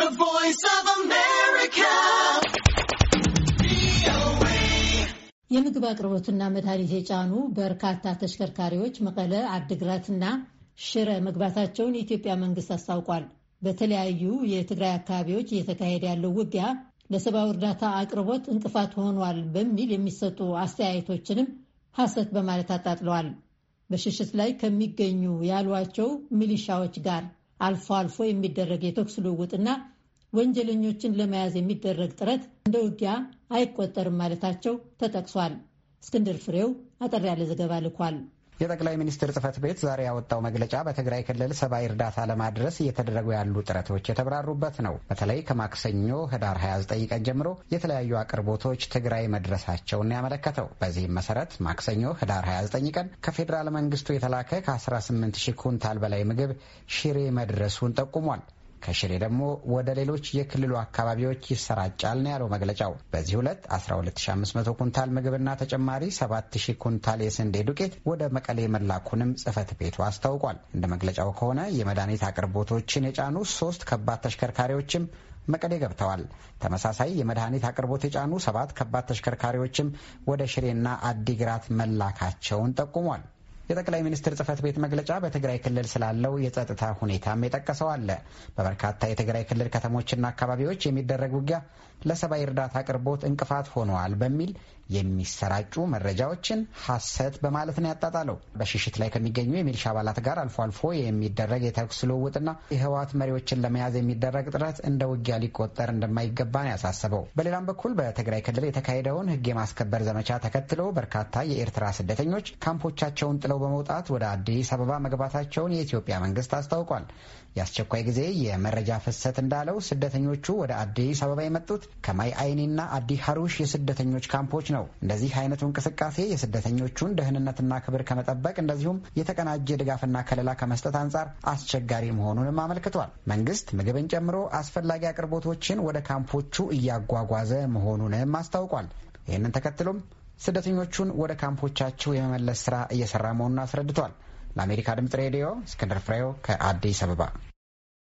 The Voice of America. የምግብ አቅርቦትና መድኃኒት የጫኑ በርካታ ተሽከርካሪዎች መቀለ፣ አድግራትና ሽረ መግባታቸውን የኢትዮጵያ መንግስት አስታውቋል። በተለያዩ የትግራይ አካባቢዎች እየተካሄደ ያለው ውጊያ ለሰብአዊ እርዳታ አቅርቦት እንቅፋት ሆኗል በሚል የሚሰጡ አስተያየቶችንም ሐሰት በማለት አጣጥለዋል። በሽሽት ላይ ከሚገኙ ያሏቸው ሚሊሻዎች ጋር አልፎ አልፎ የሚደረግ የተኩስ ልውውጥና ወንጀለኞችን ለመያዝ የሚደረግ ጥረት እንደ ውጊያ አይቆጠርም ማለታቸው ተጠቅሷል። እስክንድር ፍሬው አጠር ያለ ዘገባ ልኳል። የጠቅላይ ሚኒስትር ጽህፈት ቤት ዛሬ ያወጣው መግለጫ በትግራይ ክልል ሰብአዊ እርዳታ ለማድረስ እየተደረጉ ያሉ ጥረቶች የተብራሩበት ነው። በተለይ ከማክሰኞ ህዳር 29 ቀን ጀምሮ የተለያዩ አቅርቦቶች ትግራይ መድረሳቸውን ያመለከተው። በዚህም መሰረት ማክሰኞ ህዳር 29 ቀን ከፌዴራል መንግስቱ የተላከ ከ18 ሺህ ኩንታል በላይ ምግብ ሽሬ መድረሱን ጠቁሟል። ከሽሬ ደግሞ ወደ ሌሎች የክልሉ አካባቢዎች ይሰራጫል ነው ያለው መግለጫው። በዚህ ሁለት 12500 ኩንታል ምግብና ተጨማሪ 7000 ኩንታል የስንዴ ዱቄት ወደ መቀሌ መላኩንም ጽህፈት ቤቱ አስታውቋል። እንደ መግለጫው ከሆነ የመድኃኒት አቅርቦቶችን የጫኑ ሶስት ከባድ ተሽከርካሪዎችም መቀሌ ገብተዋል። ተመሳሳይ የመድኃኒት አቅርቦት የጫኑ ሰባት ከባድ ተሽከርካሪዎችም ወደ ሽሬና አዲግራት መላካቸውን ጠቁሟል። የጠቅላይ ሚኒስትር ጽህፈት ቤት መግለጫ በትግራይ ክልል ስላለው የጸጥታ ሁኔታም የጠቀሰው አለ። በበርካታ የትግራይ ክልል ከተሞችና አካባቢዎች የሚደረግ ውጊያ ለሰብአዊ እርዳታ አቅርቦት እንቅፋት ሆነዋል በሚል የሚሰራጩ መረጃዎችን ሐሰት በማለት ነው ያጣጣለው። በሽሽት ላይ ከሚገኙ የሚሊሻ አባላት ጋር አልፎ አልፎ የሚደረግ የተኩስ ልውውጥና የህወሓት መሪዎችን ለመያዝ የሚደረግ ጥረት እንደ ውጊያ ሊቆጠር እንደማይገባ ነው ያሳሰበው። በሌላም በኩል በትግራይ ክልል የተካሄደውን ህግ የማስከበር ዘመቻ ተከትሎ በርካታ የኤርትራ ስደተኞች ካምፖቻቸውን ጥለው ጥለው በመውጣት ወደ አዲስ አበባ መግባታቸውን የኢትዮጵያ መንግስት አስታውቋል። የአስቸኳይ ጊዜ የመረጃ ፍሰት እንዳለው ስደተኞቹ ወደ አዲስ አበባ የመጡት ከማይ አይኒና አዲ ሀሩሽ የስደተኞች ካምፖች ነው። እንደዚህ አይነቱ እንቅስቃሴ የስደተኞቹን ደህንነትና ክብር ከመጠበቅ እንደዚሁም የተቀናጀ ድጋፍና ከለላ ከመስጠት አንጻር አስቸጋሪ መሆኑንም አመልክቷል። መንግስት ምግብን ጨምሮ አስፈላጊ አቅርቦቶችን ወደ ካምፖቹ እያጓጓዘ መሆኑንም አስታውቋል። ይህንን ተከትሎም ስደተኞቹን ወደ ካምፖቻቸው የመመለስ ስራ እየሰራ መሆኑን አስረድቷል። ለአሜሪካ ድምጽ ሬዲዮ እስክንድር ፍሬው ከአዲስ አበባ